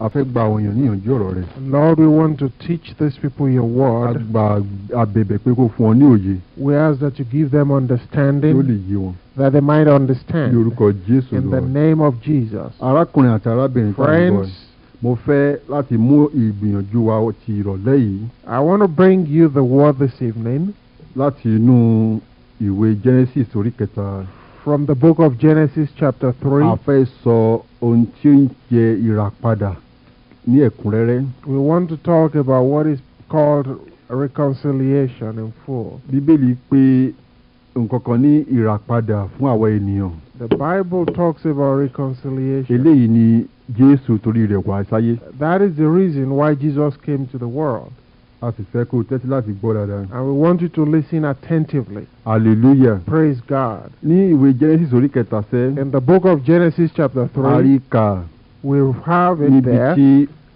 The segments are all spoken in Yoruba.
a fẹ́ gba àwọn èèyàn níyànjú ọ̀rọ̀ rẹ. Lord we want to teach these people your word. àbẹ̀bẹ̀ pé kó fún ọ ní òye. we ask that you give them understanding. yóò lè yé wọn. that they might understand. ní orúkọ Jésù lọ. in the name of Jesus. arákùnrin àti arábìnrin kan bọ̀. friends. mo fẹ́ láti mú ìgbìyànjú wa ti ìrọ̀lẹ́ yìí. I want to bring you the word this evening. láti inú ìwé Genesis orí kẹta. from the book of Genesis chapter three ní ẹ̀kúnrẹ́rẹ́. we want to talk about what is called reconciliation in full. bíbélì pé nǹkan kan ní ìràpadà fún àwọn ènìyàn. the bible talks about reconciliation. eléyìí ni jésù torí rẹ̀ wá sáyé. that is the reason why jesus came to the world. a sì fẹ́ kó tẹ́tí láti gbọ́ dáadáa. and we want you to listen attentively. hallelujah. praise God. ní ìwé genesis orí kẹta sẹ́. in the book of genesis chapter three. a will have it there.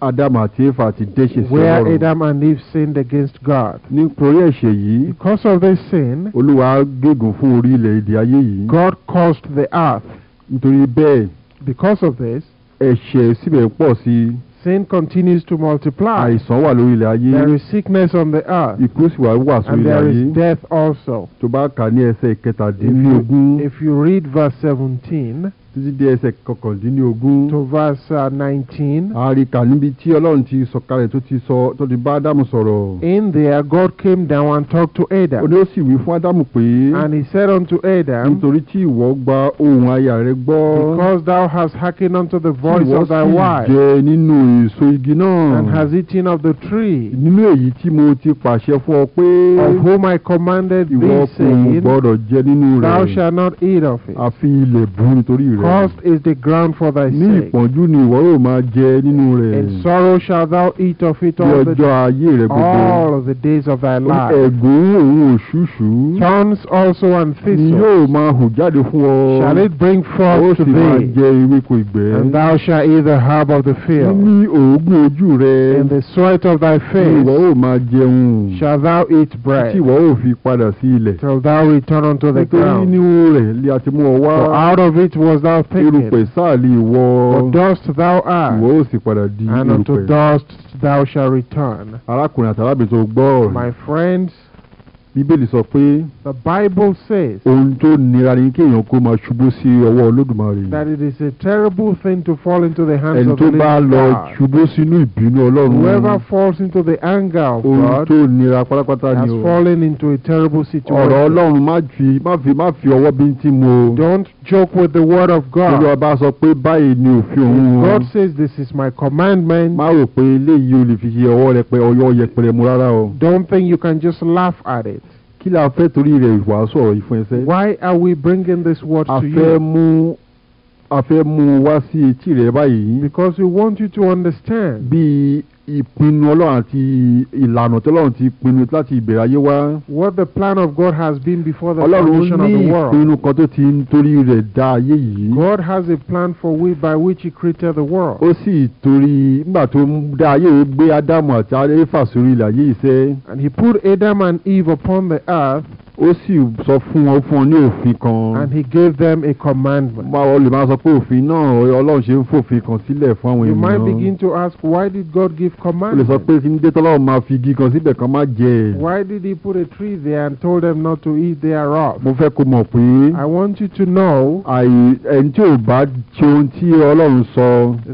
Adam àti Eva ti dẹ́ṣẹ̀ where Adam and Eve sinned against God. ẹ̀ṣẹ̀ yìí. because of this sin. Olúwa gégùn fún orí ilẹ̀ èdè ayé yìí. God cursed the earth. nítorí bẹ́ẹ̀. because of this. ẹ̀ṣẹ̀ síbẹ̀ pọ̀ sí i. Sin continues to multiply. Àìsàn wà lórí ilẹ̀ ayé. There is sickness on the earth. Ikú sì wà wà sórí ilẹ̀ ayé. And there is death also. Tó bá kà ní ẹsẹ̀ kẹtàdínlógún. If you read verse seventeen. títí di ẹsẹ̀ kọkàndínlógún. to verse uh, nineteen. a rí kà níbi tí ọlọ́run ti sọ̀kalẹ̀ tó ti sọ tó ti bá ádámù sọ̀rọ̀. in there God came down and talked to Adam. òní ó sì wí fún ádámù pé. and he said unto Adam. nítorí tí ìwọ gba ohùn aya rẹ gbọ́. because thou hast hearkened unto the voice of thy wife. ìwọ sì jẹ nínú èso igi náà. and has eaten of the tree. nínú èyí tí mo ti pàṣẹ fún ọ pé. of whom I commanded thee saying. ìwọ kò gbọdọ̀ jẹ nínú rẹ̀. thou shalt not eat of it. àfi ilẹ̀ bú nítorí rẹ̀. Cursed is the ground for thy sake. Ní ìpọ́njú ni ìwọ yóò máa jẹ nínú rẹ̀. In sorrow shall thou eat of it all the days. All of the days of thy life. Ẹ̀gún òun òṣùṣù. Thorns also and thistles. Ni yóò máa jáde fún ọ. Shall it bring forth to thee? Ó sì máa jẹ ewéko ìgbẹ́. And thou shalt eat the herb of the field. Ní òógùn ojú rẹ. In the sweat of thy face. Ìwọ yóò máa jẹun. thou eat bread. Tí ìwọ yóò fi padà sí ilẹ̀. Till thou return unto the ground. Nítorí nínú rẹ̀ mú ọ wá. For out of it was thou thou thinkest. Irúpẹ̀ sáà For dust thou art. Ìwọ ó sì padà di irúpẹ̀. And unto dust thou shall return. Arákùnrin gbọ́ My friends bíbélì sọ pé. the bible says. ohun tó nira ni kó máa ṣubú sí ọwọ́ olódùmarè. that it is a terrible thing to fall into the hands of the living God. ẹni tó bá lọ ṣubú sínú ìbínú ọlọ́run. whoever falls into the anger of God. ohun tó nira pátápátá ni o. has fallen into a terrible situation. ọ̀rọ̀ ọlọ́run má fi má fi má fi ọwọ́ don't joke with the word of God. olúwa bá sọ pé báyìí ni òfin òun. God says this is my commandment. má rò pé eléyìí o lè fi ṣe ọwọ́ rẹ pé ọyọ́ yẹpẹrẹ mu rárá o. don't think you can just laugh at it. kí la fẹ́ torí rẹ̀ wàá sọ̀rọ̀ ìfún ẹsẹ̀. why are we bringing this word to you. a fẹ́ mú a fẹ́ mú un wá sí etí rẹ báyìí. because we want you to understand. bí ìpinnu ọlọ́run àti ìlànà tọ́lọ́run ti pinnu láti ìbẹ̀rẹ̀ ayé wá. what the plan of God has been before the foundation of the world. ọlọ́run ní ìpinnu kan tó ti ń torí rẹ̀ dá ayé yìí. God has a plan for we by which he created the world. ó sì torí nígbà tó ń dá ayé gbé ádámù àti éfà sórí ilẹ̀ ayé yìí and he put Adam and Eve upon the earth ó sì sọ fún wọn fún wọn ní òfin kan. and he gave them a commandment. wá o lè máa sọ pé òfin náà ọlọ́run ṣe ń fòfin kan sílẹ̀ fún àwọn ènìyàn. you might begin to ask why did God give commandment. o lè sọ pé kí n tọ́lọ́run máa fi igi kan síbẹ̀ kan má jẹ. why did he put a tree there and told them not to eat thereof. mo fẹ́ kó mọ̀ pé. I want you to know. àì ẹni tí ò bá ṣe ohun tí ọlọ́run sọ.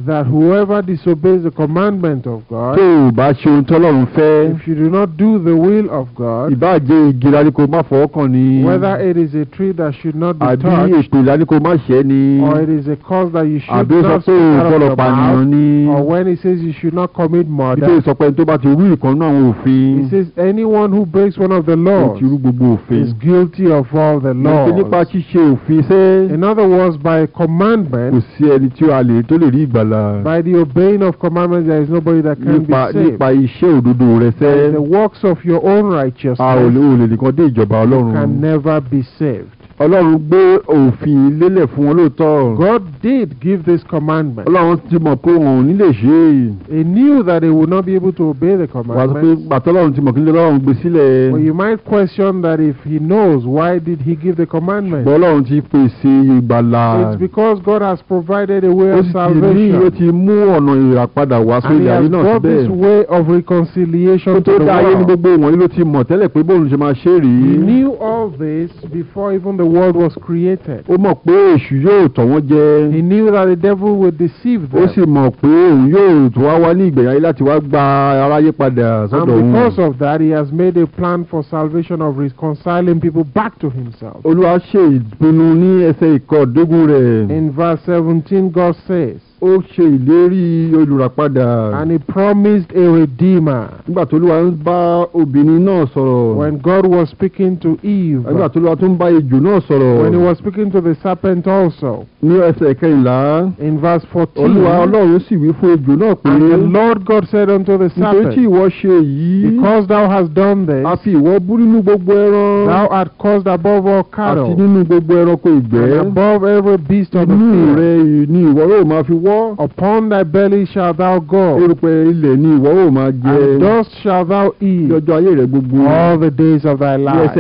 that whoever disobeys the commandment of God. tó o bá ṣe ohun tí fẹ́. if you do not do the will of God. ìbá jẹ́ igi má fọ ni. whether it is a tree that should not be touched. àbí ètò ìlànà kò má ṣe ni. or it is a cause that you should not speak out of your mouth. ni. or when he says you should not commit murder. sọ pé tó bá ti rú àwọn òfin. he says anyone who breaks one of the laws. ti rú gbogbo òfin. is guilty of all the laws. nípa ṣíṣe òfin ṣe. in other words by commandment. kò sí ẹni tí lè tó lè rí ìgbàlà. by the obeying of commandments there is nobody that can nípa, be saved. nípa iṣẹ́ òdodo rẹ sẹ́. by the works of your own righteousness. a ò nìkan dé ìjọba Ọlọ́run. you can never be saved. Ọlọ́run gbé òfin lélẹ̀ fún wọn lóòótọ́. God did give this commandment. Ọlọ́run ti mọ̀ pé wọn ò ní lè ṣe é. He knew that he would not be able to obey the commandment. Wàá sọ pé ti mọ̀ kí lọ́run gbé sílẹ̀. But you might question that if he knows why did he give the commandment. ti pèsè ìgbàlà. It's because God has provided a way of salvation. Ó ti ní ó ti mú ọ̀nà ìràpadà wá náà síbẹ̀. And he has brought this way of reconciliation to the world. tó dá ayé ní gbogbo wọn ló ti mọ̀ tẹ́lẹ̀ pé He knew all this before even the the world was created. ó mọ̀ pé èṣù yóò tọ̀ wọ́n jẹ. he knew that the devil would deceive them. ó sì mọ̀ pé òun yóò wá wá ní ìgbẹ̀yà láti wá gba aráyé padà sọ́dọ̀ òun. and because of that he has made a plan for salvation of reconciling people back to himself. olúwa ṣe ìpinnu ní ẹsẹ̀ rẹ̀. in verse seventeen God says. ó ṣe ìlérí olùràpadà. and he promised a redeemer. nígbà tó Olúwa ń bá obìnrin náà sọ̀rọ̀. when God was speaking to Eve. nígbà tó Olúwa tún bá ejò náà sọ̀rọ̀. when he was speaking to the serpent also. ní ẹsẹ̀ kẹrìnlá. in verse fourteen. Olúwa Ọlọ́run sì wí fún ejò náà pé. and the Lord God said unto the serpent. nítorí tí ìwọ ṣe yìí. because thou has done this. a fi ìwọ bú nínú gbogbo ẹran. thou art caused above all cattle. àti nínú gbogbo ẹranko ìgbẹ́. and above every beast of the field. inú rẹ ni ìwọ yóò máa fi wọ́ upon thy belly shalt thou go. And dust shalt thou eat. All the days of thy life.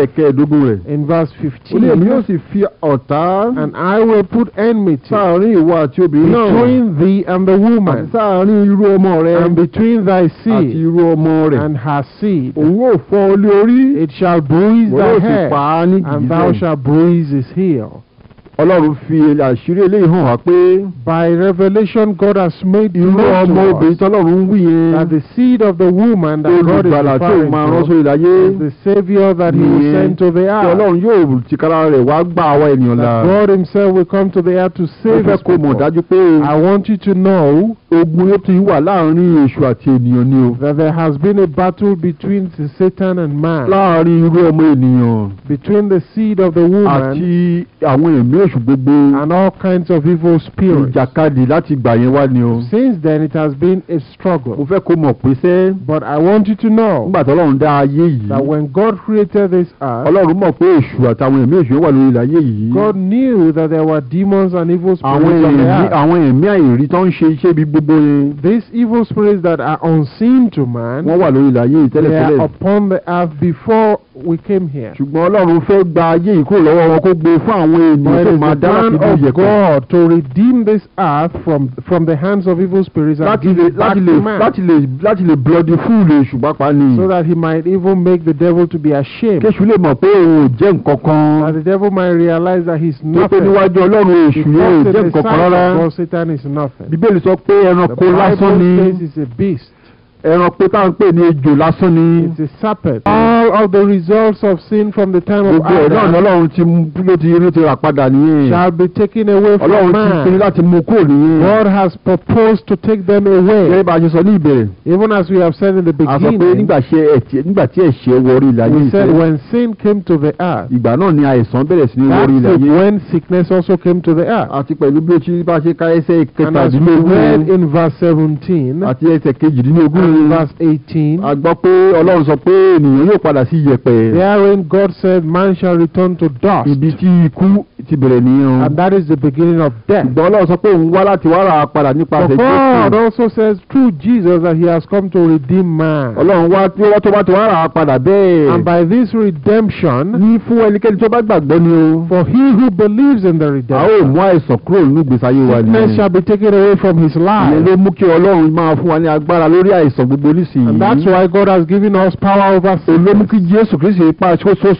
In verse fifteen. And I will put enmity. Between thee and the woman. And between thy seed. And her seed. It shall bruise thy head. And thou shalt bruise his heel. Ọlọ́run fi àṣírí eléyìí hàn wá pé. By revelation God has made you know to us. Irú ọmọ obìnrin tọ́lọ́run wí yẹn. That the seed of the woman that God is referring to. Olùgbàlà tí máa rán sórí iláyé. Is the saviour that he will send to the earth. Ọlọ́run yóò tìkára rẹ̀ wá gbà àwa ènìyàn là. That God himself will come to the earth to save us. Mo fẹ́ kó mọ̀ dájú pé. I want you to know. Ogun ló ti wà láàrin èṣù àti ènìyàn ni o. That there has been a battle between Satan and man. Láàrin irú ọmọ ènìyàn. Between the seed of the woman. Àti àwọn èmi èṣù gbogbo. and all kinds of evil spirits. ìjàkadì láti gbà yẹn wá ni o. since then it has been a struggle. mo fẹ́ kó mọ̀ pé sẹ́. but I want you to know. nígbà tí Ọlọ́run dá ayé yìí. that when God created this earth. Ọlọ́run mọ̀ pé èṣù àtàwọn ẹ̀mí èṣù wà lórí ilẹ̀ ayé yìí. God knew that there were demons and evil spirits on the earth. àwọn ẹ̀mí àìrí tó ń ṣe iṣẹ́ bí gbogbo yẹn. these evil spirits that are unseen to man. wọ́n wà lórí ilẹ̀ ayé yìí tẹ́lẹ̀tẹ́lẹ̀. they are upon the earth before we came here. ṣùgbọ́n Ọlọ́run fẹ́ gba ayé yìí kúrò lọ́wọ́ wọn kó gbé fún àwọn ènìyàn tó is of God to redeem this earth from, from the hands of evil spirits and give it back to man. láti lè láti lè bloody fool èṣù pápá ni. so that he might even make the devil to be ashamed. kéṣù lè mọ̀ pé òun ò jẹ́ nǹkan kan. that the devil might realize that he is nothing. pé níwájú ọlọ́run èṣù yóò jẹ́ nǹkan kan rárá. because the sign of God Satan is nothing. bíbélì sọ pé ẹranko lásán ni. the Bible says he is a beast. it's a serpent. all of the results of sin from the time of Adam. shall be taken away from man. God has proposed to take them away. even as we have said in the beginning. we said when sin came to the earth. that's when sickness also came to the earth. and as we read in verse seventeen. ní a gbọ́ pé ọlọ́run sọ pé ènìyàn yóò padà sí yẹ̀pẹ̀. therein God said man shall return to dust. ibi tí ikú ti bẹ̀rẹ̀ nìyẹn and that is the beginning of death. ṣùgbọ́n Ọlọ́run sọ pé òun wá láti wá rà padà nípasẹ̀ Jésù. God also says through Jesus that he has come to redeem man. Ọlọ́run wá tí wọ́n tó bá ti wá rà á pada bẹ́ẹ̀. and by this redemption. ní fún ẹnikẹ́ni tó bá gbàgbọ́ ni o. for he who believes in the redemption. a ó mú àìsàn kúrò nínú ìgbésí ayé wa ni. sickness shall be taken away from his life. ìyẹn ló mú kí Ọlọ́run máa fún wa ní agbára lórí àìsàn gbogbo nísìnyí. and that's why God has given us power over sin. kí Jésù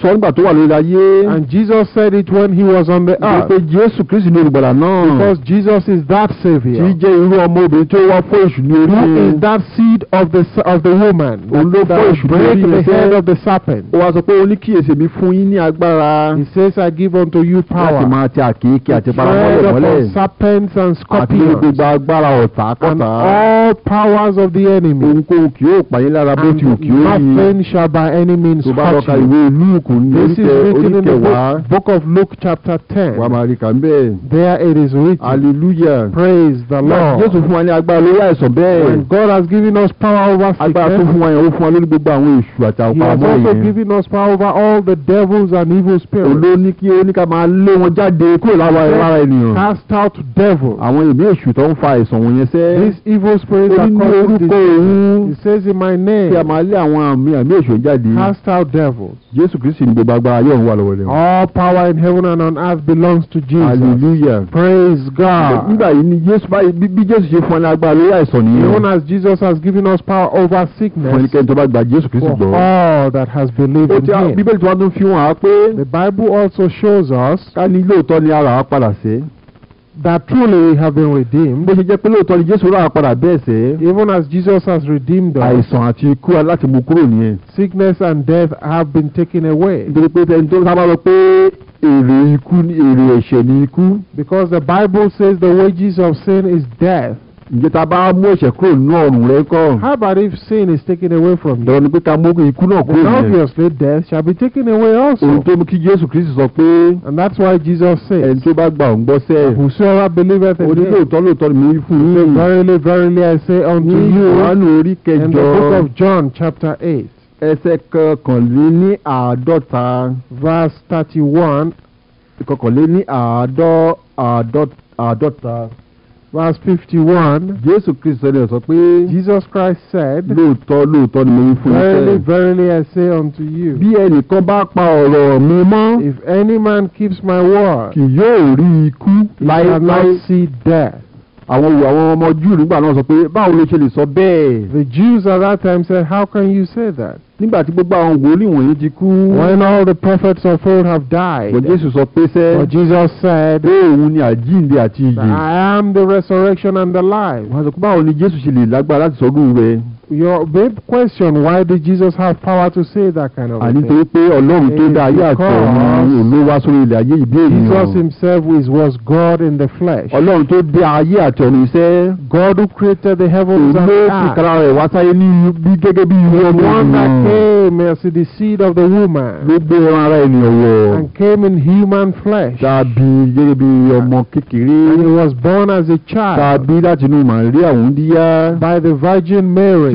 sọ nígbà tó wà lórí ayé. and Jesus said it when he was on on the earth. pé Jésù Kristu ni olùgbàlà náà. because Jesus is that saviour. tí jẹ́ irú ọmọ obìnrin tí ó wá fún èṣù ní orí. who is that seed of the of the woman. òun ló fún èṣù ní orí ẹsẹ̀. that break the head of the serpent. ó wá sọ pé ó mi fún yín ní agbára. he says I give unto you power. láti máa ti àkíyèkí àti paramọ́lẹ̀ mọ́lẹ̀. to tread upon serpents and scorpions. àti gbogbo agbára ọ̀tá kọ́tà. and all powers of the enemy. ohunkóhun kì yóò pàyín lára bó ti wù kí ó yí. and nothing shall by any means hurt you. this is written in the book, book of Luke chapter 10. wàá máa rí kà ń bẹ́ẹ̀. there it is written. hallelujah. praise the lord. Jésù fún wa ní agbára lórí àìsàn bẹ́ẹ̀. when God has given us power over sickness. agbára tó fún wa yẹn ó fún wa lórí gbogbo àwọn èṣù àti àwọn pamọ́ yẹn. he has also given us power over all the devils and evil spirits. olóní kí ó ká máa lé wọn jáde kúrò lára ènìyàn. cast out devils. àwọn ìmí èṣù tó ń fa àìsàn wọn yẹn sẹ́. these evil spirits are causing this. he says in my name. kí a máa lé àwọn àmì àmì èṣù jáde. cast out devils. Jésù Kristi ní gbogbo agbára yóò wà lọ́wọ́ lẹ́wọ̀n. all power in heaven and on earth life belongs to Jesus. hallelujah praise God. nígbà yìí ni Jésù bí Jésù ṣe fún ọ agbára lórí àìsàn nìyẹn. even as Jesus has given us power over sickness. fún ẹnikẹ́ni tó bá gba Jésù Kristu gbọ́. for all that has believed in him. bíbélì tí wọ́n tún fi hàn á pé. the Bible also shows us. ká ní lóòótọ́ ni ara wa padà sí that truly we have been redeemed. bó ṣe jẹ́ pé lóòótọ́ ni Jésù rà padà bẹ́ẹ̀ sẹ́. even as Jesus has redeemed us. àìsàn àti ikú láti mú kúrò nìyẹn. sickness and death have been taken away. nítorí pé ẹni tó sábà lọ pé Because the Bible says the wages of sin is death. how about if sin is taken away from you. lọ́ni obviously death shall be taken away also. and that's why Jesus said. And tó bá whosoever believeth in him. verily verily I say unto you. in the book of John chapter eight ẹsẹ̀ kọkànléní àádọ́ta. verse thirty one. kọkànléní àádọ́ àádọ́ta. verse fifty one. Jésù Kristo ni sọ pé. Jesus Christ said. lóòótọ́ lóòótọ́ ni mo fún verily verily I say unto you. bí ẹnìkan bá pa ọ̀rọ̀ mi mọ́. if any man keeps my word. kì yóò rí ikú. he shall not see death àwọn àwọn ọmọ Júù nígbà náà sọ pé báwo ló ṣe lè sọ bẹ́ẹ̀. the Jews at that time said how can you say that. nígbà tí gbogbo àwọn wòlíì wọ̀nyí ti kú. when all the prophets of old have died. but Jesus sọ pé sẹ́. but Jesus said. pé òun ni àjíǹde àti ìyè. I am the resurrection and the life. wọ́n sọ pé báwo ni Jésù ṣe lè lágbára láti sọ́dún rẹ̀. Your big question why did Jesus have power to say that kind of thing? Àní pé Ọlọ́run tó dá ayé àtọ̀ ni òun sórí ilẹ̀ ayé ìbí ènìyàn. Jesus himself is, was God in the flesh. Ọlọ́run tó dá ayé àtọ̀ ni iṣẹ́. God who created the heavens and the earth. Òun kára rẹ̀ wá sáyé ní bí gẹ́gẹ́ bí irú ọmọ Mm. came as the seed of the woman. and came in human flesh. and he was born as a child. by the Virgin Mary.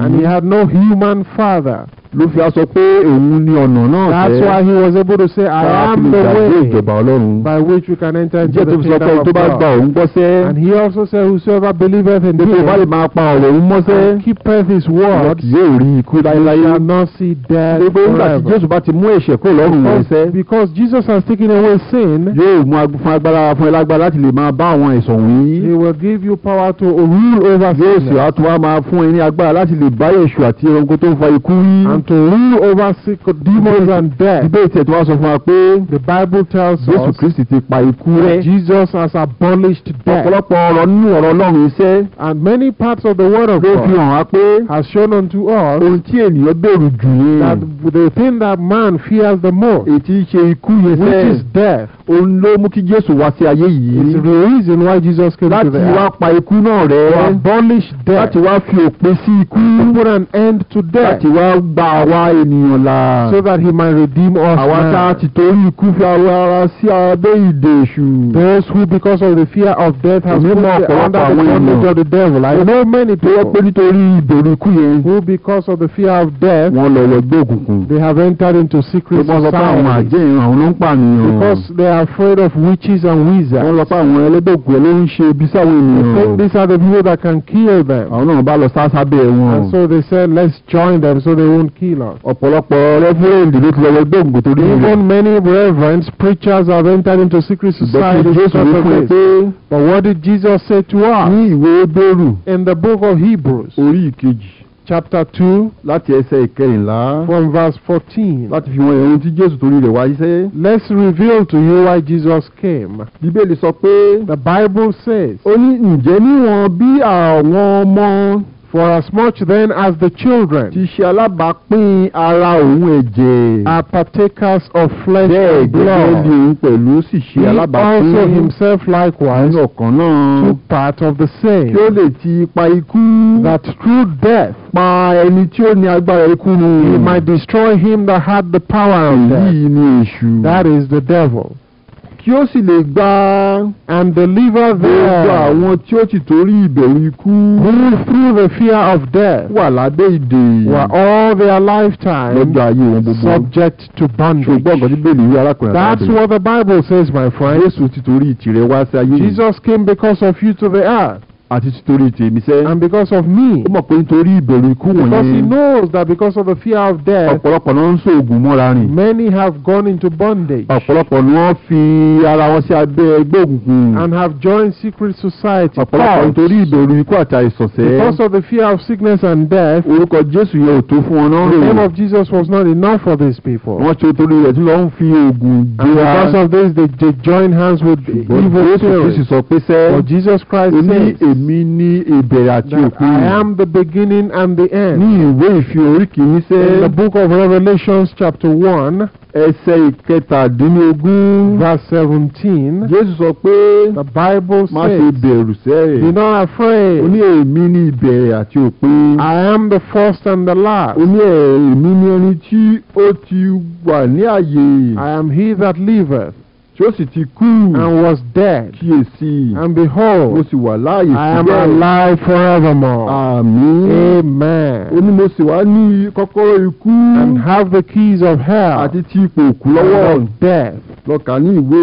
and he had no human father. ló fi aṣọ pé òun ni ọ̀nà náà fẹ́. that's why he was able to say I am the way by which you can enter into the kingdom of God. jẹ́ tó sọ pé tó bá gba òun gbọ́sẹ́. and he also said whosoever believeth in him. pé bá lè máa pa ọ̀rọ̀ òun mọ́sẹ́. and keepeth his word. yóò rí ikú láéláé. you shall not see death forever. gbogbo nígbà tí Jésù bá ti mú ẹ̀ṣẹ̀ kó lọ́rùn rẹ̀ sẹ́. because Jesus has taken away sin. yóò mú fún agbára fún ẹlágbára láti lè máa bá àwọn ẹ̀sọ̀ wọ̀nyí. he will give you power to rule over sin. yóò sì á tún wá máa fún ẹ ní agbára láti lè bá èṣù àti ẹranko tó ń fa ikú wí. and to rule over sickness, demons and death. Bíbélì tẹ̀ sọ fún wa pé. The Bible tells us. Jésù Kristi ti pa ikú rẹ̀. Jesus has abolished death. Ọ̀pọ̀lọpọ̀ ọ̀rọ̀ nínú ọ̀rọ̀ Ọlọ́run iṣẹ́. And many parts of the word of God. Ló fi hàn pé. Has shown unto us. Ohun tí ènìyàn bẹ̀rù jù yẹn. That the thing that man fears the most. Ètí ṣe ikú yẹn sẹ́. Which is death. Òun ló mú kí Jésù wá sí ayé yìí. It's the reason why Jesus came to the earth. Láti wá pa ikú náà rẹ̀. To abolish death. Láti wá fi òpin sí ikú. To put an end to death. Láti wá gba àwa ènìyàn là. so that he might redeem us. àwa tá a ti torí ikú fi ara sí abẹ́ ìdè those who because of the fear of death has put under the bondage of the devil. I know many people. who because of the fear of death. wọ́n lọ òkùnkùn. they have entered into secret society. wọ́n lọ pa àwọn àjẹ́ ìran àwọn ló ń because they are afraid of witches and wizards. wọ́n lọ pa àwọn ṣe ibi sáwọn ènìyàn. they think these are the people that can kill them. àwọn náà bá lọ wọn. and so they said let's join them so they won't killers. ọ̀pọ̀lọpọ̀ rẹ́fúrẹ́ǹdì ló ti lọ gbé ògùn torí rẹ̀. even many reverends preachers have entered into secret society but what did Jesus say to us. ní ìwé ebéèrú. in the book of Hebrews. orí ìkejì. chapter two. láti ẹsẹ̀ ìkẹrìnlá. from verse fourteen. láti fi wọn ẹ̀rùn tí Jésù torí rẹ̀ wáyé sẹ́. let's reveal to you why Jesus came. Bíbélì sọ pé. the Bible says. ó ní ǹjẹ́ níwọ̀n bí àwọn ọmọ. For as much then as the children. Ti ṣe alábàápín ara òun ẹ̀jẹ̀. Are partakers of flesh There, and blood. Bẹ́ẹ̀ gẹ́gẹ́ bí òun pẹ̀lú sì ṣe alábàápín. He also himself likewise. Nínú ọ̀kan náà. Took part of the same. Kí ó lè ti ipa ikú. That through death. Pa ẹni tí ó ní agbára ikú nù. He might destroy him that had the power of death. Èyí ni èṣù. That is the devil. tí ó sì lè gbà. and deliver them. gbogbo àwọn tí ó ti torí ìbẹ̀rù ikú. through the fear of death. wà ládé ìdè. were all their lifetime. lọ́jọ́ ayé wọn gbogbo. subject to bondage. ṣùgbọ́n ọ̀gá that's what the bible says my friend. ti torí ìtìrẹ wá sí ayé yìí. Jesus came because of you to the earth àti torí tèmi sẹ́. and because of me. ó mọ̀ pé nítorí ìbẹ̀rù ikú because he knows that because of the fear of death. ọ̀pọ̀lọpọ̀ ń ṣoògùn mọ́ra rìn. many have gone into bondage. ọ̀pọ̀lọpọ̀ ni wọ́n fi ara wọn sí abẹ́ ẹgbẹ́ òkùnkùn. and have joined secret society. ọ̀pọ̀lọpọ̀ nítorí ìbẹ̀rù ikú àti because of the fear of sickness and death. orúkọ Jésù yẹn ò tó fún wọn náà. the name of Jesus was not enough for these people. wọ́n ṣe torí rẹ̀ tí ń and because of this they, join hands with evil spirits. Jesus èmi ni ìbẹ̀rẹ̀ àti òpin. that I am the beginning and the end. ní ìwé ìfi orí kìíní sẹ́. in the book of Revelations chapter one. ẹsẹ̀ ìkẹtàdínlógún. verse seventeen. Jésù sọ pé. the Bible says. má ṣe bẹ̀rù sẹ́. be not afraid. ó ní èmi ni ìbẹ̀rẹ̀ àti òpin. I am the first and the last. ó ní èmi ni ẹni tí ó ti wà ní àyè. I am he that liveth and was dead. and behold. wà I am alive forevermore. àmín. amen. wá and have the keys of hell. and of death. lọ ní ìwé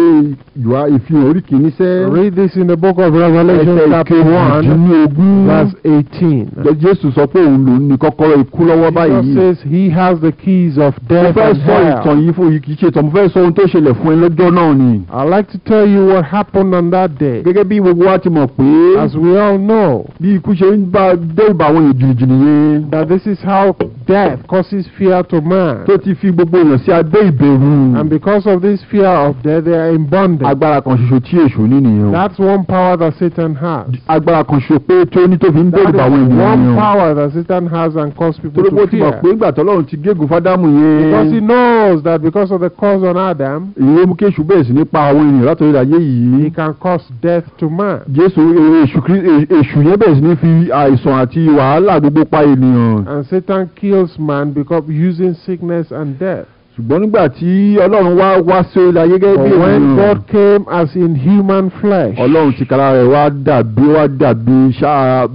ìwà ìfihàn orí kìíní read this in the book of Revelation chapter one verse eighteen. Jésù sọ pé òun lòun ní kọ́kọ́rọ́ ikú lọ́wọ́ báyìí. Jesus says he has the keys of death and hell. mo fẹ́ sọ ìtàn yìí fún yìí kì í ṣe ìtàn mo fẹ́ sọ ohun tó ṣẹlẹ̀ fún ẹ lọ́jọ́ náà ni. I'd like to tell you what happened on that day. gẹ́gẹ́ bí gbogbo wa ti mọ̀ pé. as we all know. bí ikú ṣe ń bá dé ìbá àwọn ìjìnjìn nìyẹn. that this is how death causes fear to man. tó ti fi gbogbo èèyàn sí abẹ́ ìbẹ̀rù. and because of this fear power of death they are in bondage. that's one power that Satan has. that is one power that Satan has and cause people to fear. because he knows that because of the curse on Adam. he can cause death to man. and Satan kills man because using sickness and death. ṣùgbọ́n nígbà tí ọlọ́run wá wá sí orí ayé gẹ́gẹ́ bí when God came as in human flesh. ọlọ́run ti kara rẹ̀ wá dàbí wá dàbí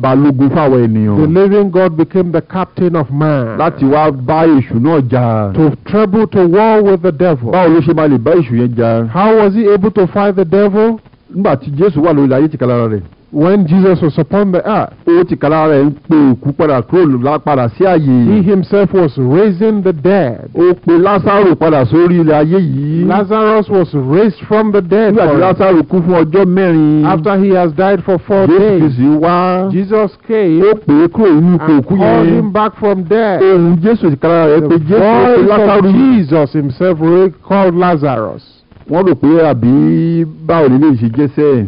balógun fáwọn ènìyàn. the living God became the captain of man. láti wá bá èṣù náà jà. to travel to war with the devil. báwo ló ṣe máa lè bá èṣù yẹn jà. how was he able to fight the devil? nígbà tí Jésù wà lórí ayé ti kara rẹ̀. when Jesus was upon the earth. he himself was raising the dead. Lazarus was raised from the dead. after he has died for four Jesus days. Jesus came. and called him back from death. the voice of Jesus himself called Lazarus. wọ́n rò pé àbí báwo ni lè ṣe jẹ́sẹ̀.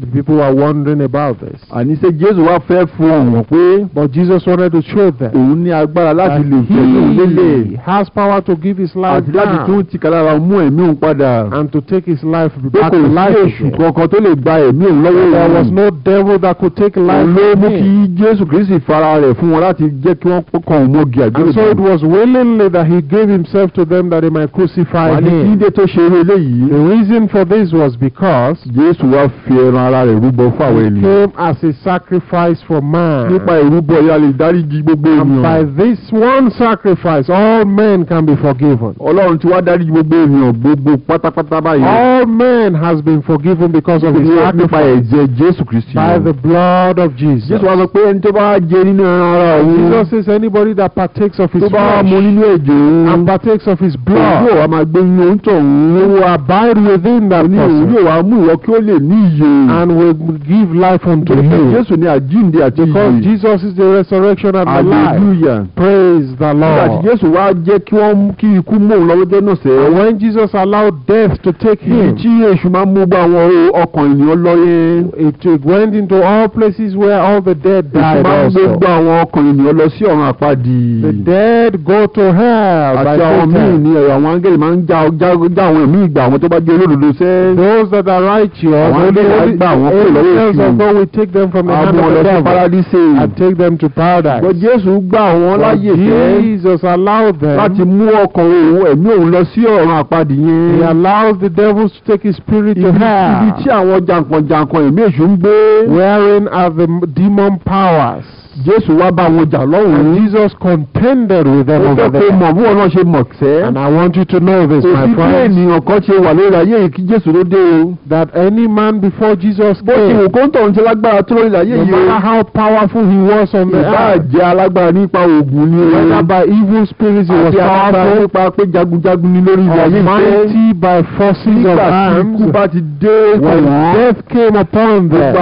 the people were wondering about this. àní ṣe Jésù wá fẹ́ fún ọ̀wọ́n pé. but Jesus wanted to show them. òun ní agbára láti lè jẹ́nu lélẹ̀. he has power to give his life back. àti láti tún ti kàlára mú ẹ̀mí òun padà. and to take his life back to life. pé kò sí èṣù kankan tó lè gba ẹ̀mí òun lọ́wọ́ òun. there was no devil that could take life from him. ló kí Jésù Kristi fara rẹ̀ fún wọn láti jẹ́ kí wọ́n kàn án mọ́gi àgbélébùú. and so it was willingly that he gave himself to them that they might crucify him. wà á ní kí dé tó ṣe eré eléyìí. the reason for this was because. Jésù wá fi ẹran ara rẹ̀ rúbọ fún àwọn ènìyàn. he came as a sacrifice for man. nípa ìrúbọ yìí a lè dáríjì gbogbo ènìyàn. and by this one sacrifice all men can be forgiven. Ọlọ́run ti wá dáríjì gbogbo ènìyàn gbogbo pátápátá báyìí. all men has been forgiven because of his sacrifice. nípa ẹ̀jẹ̀ Jésù Kristi. by the blood of Jesus. Jésù wá sọ pé ẹni tó bá jẹ nínú ẹran ara òun. Jesus says anybody that partakes of his flesh. tó bá mu nínú ẹ̀jẹ̀ òun. and partakes of his blood. yóò wá máa gbé inú òun tọ̀ òun abide within that person. yóò wá mú ìwọ kí ó lè ní ìyè. and will give life unto you. Jésù ni àjíǹde àti ìyè. because Jesus is the resurrection and the life. hallelujah praise the Lord. nígbà tí Jésù wá jẹ́ kí wọ́n kí ikú mú òun lọ́wọ́jọ́ náà and when Jesus allowed death to take him. tí èṣù máa mú gbọ́ àwọn ọkàn ènìyàn lọ yẹn. it went into all places where all the dead died also. èṣù máa mú gbọ́ àwọn ọkàn ènìyàn lọ sí ọ̀run àpáàdì. the dead go to hell by àti àwọn míì ni àwọn áńgẹ́lì máa ń já àwọn ìgbà àwọn tó bá jẹ́ olódodo sẹ́. those that are righteous only agba àwọn kò lọ́wọ́ èṣù. angels of God will take them from the hand of the devil. àwọn ọlọ́sìn paradise. and take them to paradise. but Jésù gbà wọ́n láyè fẹ́. Jesus allowed them. láti mú ọkàn òun ẹ̀mí òun lọ sí ọ̀run àpáàdì yẹn. he allows the devil to take his spirit to hell. ibi tí àwọn jàǹkànjàǹkàn ẹ̀mí èṣù ń gbé. wherein are the demon powers. Jésù wá bá wọn jà lọ́wọ́. And Jesus contended with them over there. Ó fẹ́ mọ̀ bí wọn náà ṣe mọ̀ sẹ́. And I want you to know this my friend. Òsì bí ènìyàn kan ṣe wà lórí ayé yìí kí Jésù ló dé o. That any man before Jesus came. Bó ti wù kó ń tọ̀hún ṣe lágbára tó lórí ayé yìí No matter how powerful he was on the earth. Ìbá jẹ́ alágbára nípa oògùn ni o. by evil spirits he was powerful. Àti alágbára nípa pé jagunjagun ni lórí ayé yìí. Mighty by forces of arms. Nígbà tí ikú bá ti dé. When death came upon them.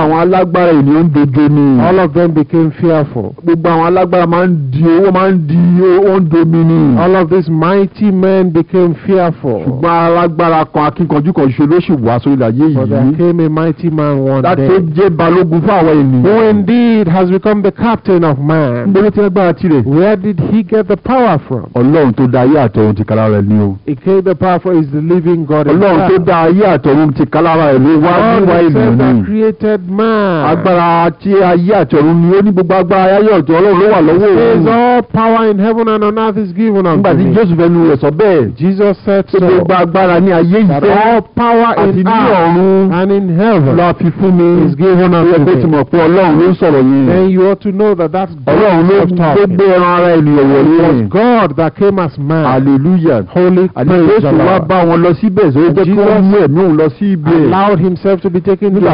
All of them became fearful powerful. gbogbo àwọn alágbára máa ń di owó máa ń di owó ń domi ni. all of these mighty men became fearful. ṣùgbọ́n alágbára kan akíkanjú kan ṣe ló sì wá sórí ìlàyé yìí. but there came a mighty man one that day. jẹ́ balógun fún àwọn ènìyàn. who indeed has become the captain of man. níbo ti agbára tirẹ̀. where did he get the power from? ọlọ́run tó dá ayé àtọ̀run ti kálára rẹ̀ ni o. he came the power for his living God. ọlọ́run tó dá ayé àtọ̀run ti kálára rẹ̀ ni wá níwá ènìyàn ni. God himself created man. agbára ti ayé àtọ̀run ni ó ní gbogbo agbára. agbára ayé ọ̀jọ̀ ọlọ́run ló wà lọ́wọ́ òun. all power in heaven and on earth is given unto me. nígbà tí Jésù fẹnu rẹ̀ sọ bẹ́ẹ̀. Jesus said so. gbogbo agbára ní ayé all power in earth and in heaven. la fi fún mi. is given unto me. ó ti mọ̀ pé ọlọ́run ló ń sọ̀rọ̀ then you ought to know that that's God. ọlọ́run ló gbé ẹran ara ènìyàn wọ̀ ní. was God that came as man. hallelujah. holy praise Jésù wá bá wọn allowed himself to be taken to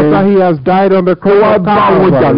after he has died on the cross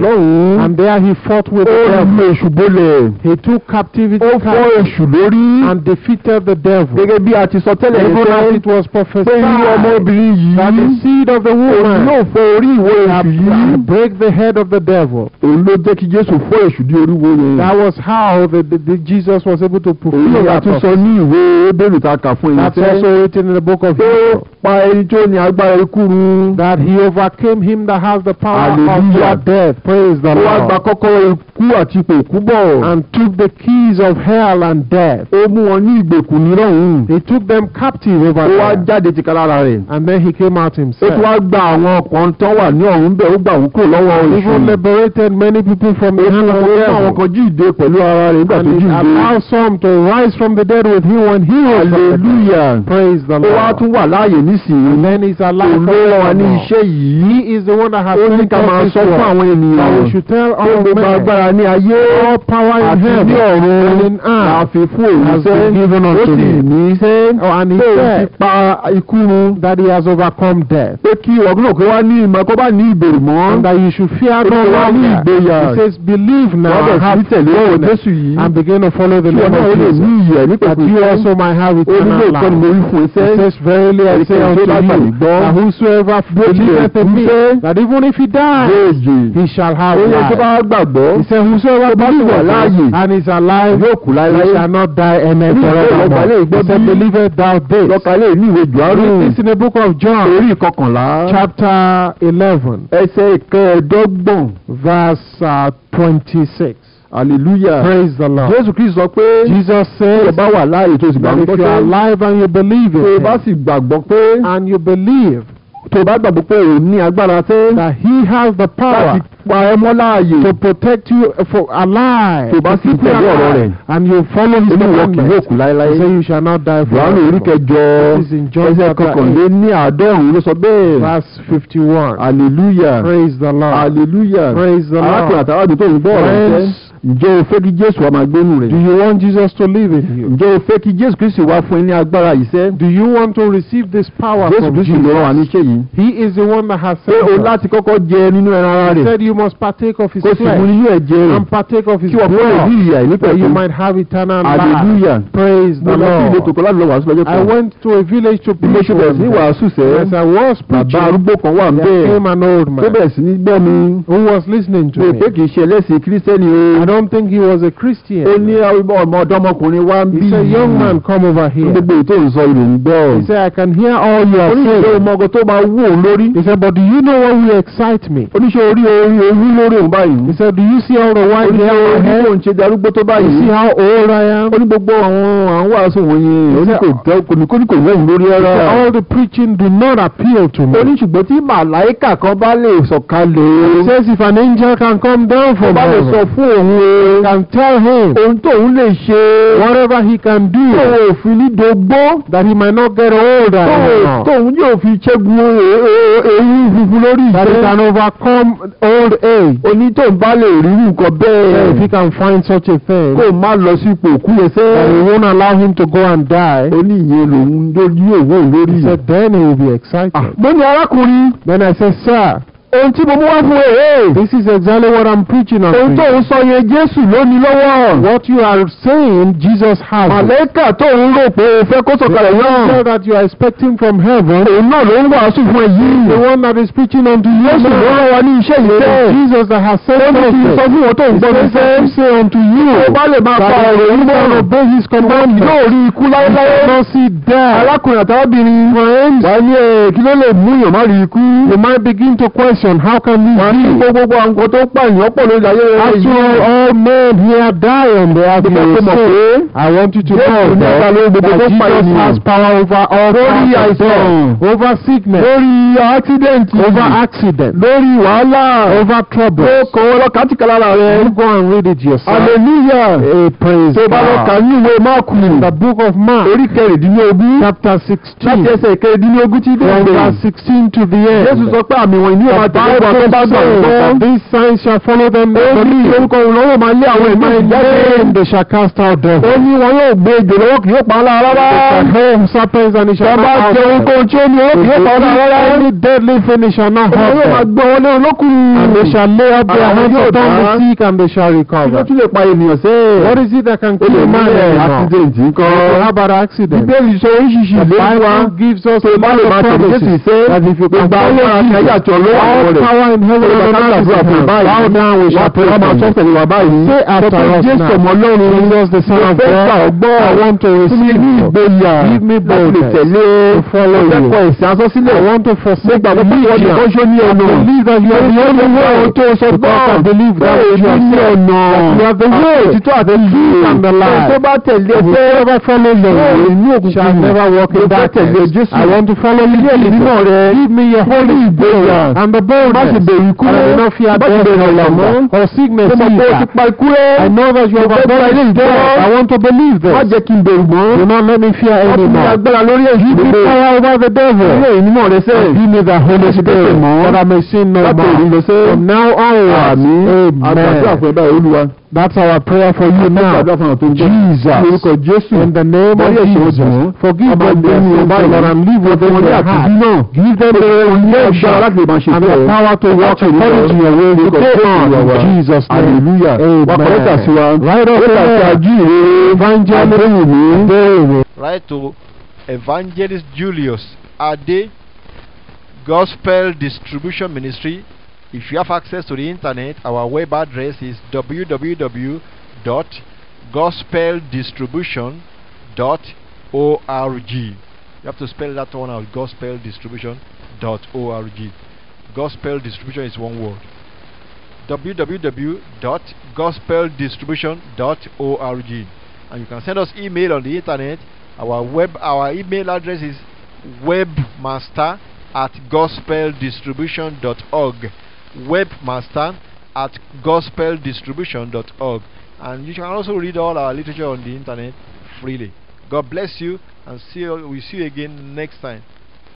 lọ́ lọ́hùn and there he fought with the devil. ó lu èṣù bolẹ̀. he took captivity ó fọ́ èṣù lórí. and defeated the devil. gẹ́gẹ́ bí a ti sọ tẹ́lẹ̀ yìí pé as it was prophesied. pé irú ọmọbìnrin yìí. that the seed of the woman. òun yóò fọ́ orí ìwo èṣù yìí. break the head of the devil. òun ló jẹ́ kí Jésù fọ́ èṣù dé orí ìwo that was how the, the, the Jesus was able to fulfill that prophecy. èyí ni a sọ ní ìwé ebèrè ta kà fún ẹ̀yin that's also written in the book of Hebrew pa ẹni tí ó ní agbára ikú run. that he overcame him that has the power Hallelujah. of death praise the Lord. ó gba kọ́kọ́rọ́ ikú àti ipò bọ̀. and took the keys of hell and death. ó mú wọn ní ìgbèkùn nírọ̀hún. he took them captive over there. ó wá jáde tìka lára rẹ̀. and then he came out himself. ó tún wá gba àwọn ọkàn tó wà ní ọ̀run bẹ́ẹ̀ ó gbà wọ́n kúrò lọ́wọ́ ìṣòro. even liberated many people from the hand of the ó tún àwọn kan jíǹde pẹ̀lú ara rẹ̀ nígbà tó jíǹde. and he allowed some to rise from the dead with him when he was. Hallelujah praise the Lord. ó wá tún wà láàyè ní nísìnyí. then he's alive forever. olówó wa ní iṣẹ́ yìí. he is the one that has sent us this world. ó ní ká máa sọ fún àwọn ènìyàn. we should tell all men. gbogbo agbára ní ayé. all power in heaven. àti ní ọ̀run. àfi fún èyí has been given unto me. ó sì ní sẹ́. Oh, and he said. pa ikú run. that he has overcome death. pé kí ọdún òkè wá ní ìmọ̀ kó bá ní ìbèrè mọ́. and that you should fear no longer. he says believe now. wọ́n bẹ̀ sí tẹ̀lé ọ̀rọ̀ Jésù yìí. and begin to follow the Lord of Jesus. ṣùgbọ́n ó lè ní ìyẹ̀ nípa pé. that you also might have eternal life. ó ní lè kọ́ni mo rí fún ẹ sẹ́. he says verily I say unto you. And whosoever believeth in me, that even if he dies, he shall have life. He said, whosoever believeth and is alive, he shall not die and forevermore. He said, believeth thou this. Read this in the book of John, chapter eleven, ẹsẹ̀ ìkẹẹ̀ẹ́dọ́gbọ̀n verse uh, twenty-six hallelujah praise the lord jésù kristu sọ pé jesus says tó wà láàyè tó sì gbàgbọ́ pé if you are alive and you believe in him tó sì gbàgbọ́ pé and you believe tó bá gbàgbọ́ pé òun ní agbára tẹ́. that he has the power. pa ẹ láàyè. to protect you for alive. tó bá sì tẹ̀lé ọ̀rọ̀ rẹ̀. and you follow his commandment. olùwọ́ kì yóò kú láéláé. so you shall not die for wàhálà orí kẹjọ kọkànlé ní àádọ́rùn ló sọ bẹ́ẹ̀. verse fifty one. hallelujah. praise the lord. hallelujah. praise the lord. arákùnrin àtàwọn àdúgbò ń gbọ́ ọ̀rọ̀ jẹ́. ǹjẹ́ o fẹ́ kí Jésù wá máa gbénu rẹ̀? do you want Jesus to live in you? ǹjẹ́ o fẹ́ kí Jésù Kristi wá fún ẹ ní agbára iṣẹ́? do you want to receive this power from Jesus? Jésù Kristi ló yìí. he is the one that has sent us. o láti kọ́kọ́ jẹ nínú ẹran ara rẹ̀. he said you must partake of his flesh. kó sì mú ẹ̀jẹ̀ rẹ̀. and partake of his blood. kí wọ́n fún ẹ̀ pẹ̀lú. you might have eternal life. hallelujah praise the Lord. mo lọ sí láti lọ kan. I went to a village to preach. ilé sí wàásù as I was preaching. there came an old man. who was listening to me. don't think he was a Christian. ó ní ọmọ ọ̀dọ́mọkùnrin wá ń bí. he said young man come over here. gbogbo ètò ìsọ ìlú ń gbọ́. he said I can hear all you are saying. oníṣẹ́ tó máa wò ó lórí. he said but do you know what will excite me. oníṣẹ́ orí orí orí lórí òun báyìí. he said do you see all the white hair on my head. oníṣẹ́ orí kò darúgbó tó báyìí. you see how old I am. ó gbogbo àwọn àwọn wàásù wọ̀nyẹn. ó ní kò lórí ara. he said all the preaching do not appeal to me. ó ṣùgbọ́n tí màláìkà kan bá lè sọ̀kalẹ̀. he says if an angel can come down from heaven. ó bá lè sọ fún òun can tell him. ohun tóun lè ṣe. whatever he can do. tóun ò fi ní dogbó. that he might not get old. tóun tóun yóò fi ṣẹ́gun eyín funfun lórí ìṣe. that he can overcome old age. oní tóun bá lè rí nǹkan bẹ́ẹ̀. if he can find such a thing. kó o má lọ sí ipò òkú yẹn sẹ́. that he won't allow him to go and die. ó ní ìyẹn lòun lórí òwò lórí. he said then he will be excited. ah mo ní arákùnrin. then I said sir ohun tí mo mú wá fún ẹ. this is exactly what I'm preaching on. ohun tó ń sọ yẹn Jésù ló lọ́wọ́. what you are saying Jesus has. màlẹ́kà tó ń rò pé o fẹ́ kó sọ̀kalẹ̀ náà. the one that you are expecting from heaven. òun náà ló ń wàásù fún ẹ yìí. the one that is preaching unto you. Jésù ló rán wa ní iṣẹ́ yìí Jesus that has sent us. ó ní sọ fún wọn tó ń gbọ́ mi fẹ́. he say unto you. o bá lè máa pa ọ̀rọ̀ yìí mọ́. ọ̀rọ̀ bẹ́ẹ̀ his commandment. yóò rí ikú láéláé. you must see death. àtàwọn obìnrin. friends. kí ló lè mú yàn má rí ikú. you might begin to question nation how can you be. wọ́n ti kó gbogbo àwọn nǹkan tó pààyàn pọ̀ lórí ayẹyẹ rẹ yìí. after all men here die and they have been saved. I want you to know that Jesus has power over all kinds of things. over sickness. lórí accident. over accident. lórí wàhálà. over trouble. ó kọ́ ọ́ lọ́kàtìkà lára rẹ. you go and read it yourself. hallelujah. a praise God. tó bá lọ kà ní ìwé máàkù. the book of Mark. orí kẹrìndínlógún. chapter sixteen. láti ẹsẹ̀ kẹrìndínlógún tí dé. verse sixteen to the end. Jésù sọ pé àmì wọ̀nyí ni ó máa bá tó bá gbọ́ wọn. these signs shall follow them that believe. ó ní orúkọ òun máa lé àwọn ẹ̀mí ìjáde. and they shall cast out devils. ó ní wọn yóò gbé èdè lọ́wọ́ kì yóò pa á rárá. they shall serpents and they shall bàbá jẹun kò tí ó ní kì yóò pa á rárá. any deadly finish shall not harm máa gbọ́ wọn lé and they shall lay up their hands upon the sick and they shall recover. kí ló tún pa ènìyàn sí. what is it that can kill a man? accident ìbéèrè sọ oríṣiríṣi the Bible gives us a lot rẹ̀ olùkọ́ káńtà fún àpò báyìí wọ́n máa tọ́sẹ̀ ìwà báyìí tọ́tọ́ jésù ọmọlọ́run ìfẹ́fà ọgbọ́ tí mi ní ìgboyà láti lè you ọ̀pẹ̀pọ̀ ẹ̀sìn asọ́sílẹ̀ mo gbà pé wọ́n ní ọjọ́ ní ọ̀nà ìyẹn ní wọ́n tó sọ gbọ́ bẹ́ẹ̀ ní ọ̀nà ìyàbẹ̀wò ah, òtítọ́ àtẹ̀lé tó bá tẹ̀lé ẹgbẹ́ bá fọ́lọ́ lọ inú òkùnkùn ìgbà tẹ̀lé jésù àwọn tó fọ́lọ́ ilé ìlú náà rẹ̀ fọ́lọ́ ìgboyà boldness. Má sì bẹ̀rù ikú rẹ̀. Àrùn náà fi abẹ́rẹ́ rẹ̀ lọ́mọ. Or sickness yìí ta. Mo mọ̀ pé o ti pa ikú rẹ̀. I know that you have been by this day. I want to believe this. Má jẹ́ kí n bẹ̀rù mọ́. Do not let me fear any more. Wọ́n ti ní agbára lórí èyí. You be fire over the devil. Ilé ìnímọ̀ rẹ sẹ́. Be me the holy spirit. That I may sin no more. From now onwards. Àmín. Àgbàdo àfẹ́bá olúwa. That's our prayer for you now. Jesus. Jésù. In the name of Jesus. Forgive them their sins, Lord, and live within their heart. Give them the redemption and the power to walk according to your will today on Jesus' name. Hallelujah. Amen. Right up there. Evangelist. Write to Evangelist Julius Ade Gospel Distribution Ministry if you have access to the internet, our web address is www.gospeldistribution.org. You have to spell that one out gospeldistribution.org. Gospel distribution is one word. www.gospeldistribution.org. And you can send us email on the internet. Our web our email address is webmaster at gospeldistribution.org webmaster at gospeldistribution.org. And you can also read all our literature on the internet freely. God bless you, and see you, we see you again next time.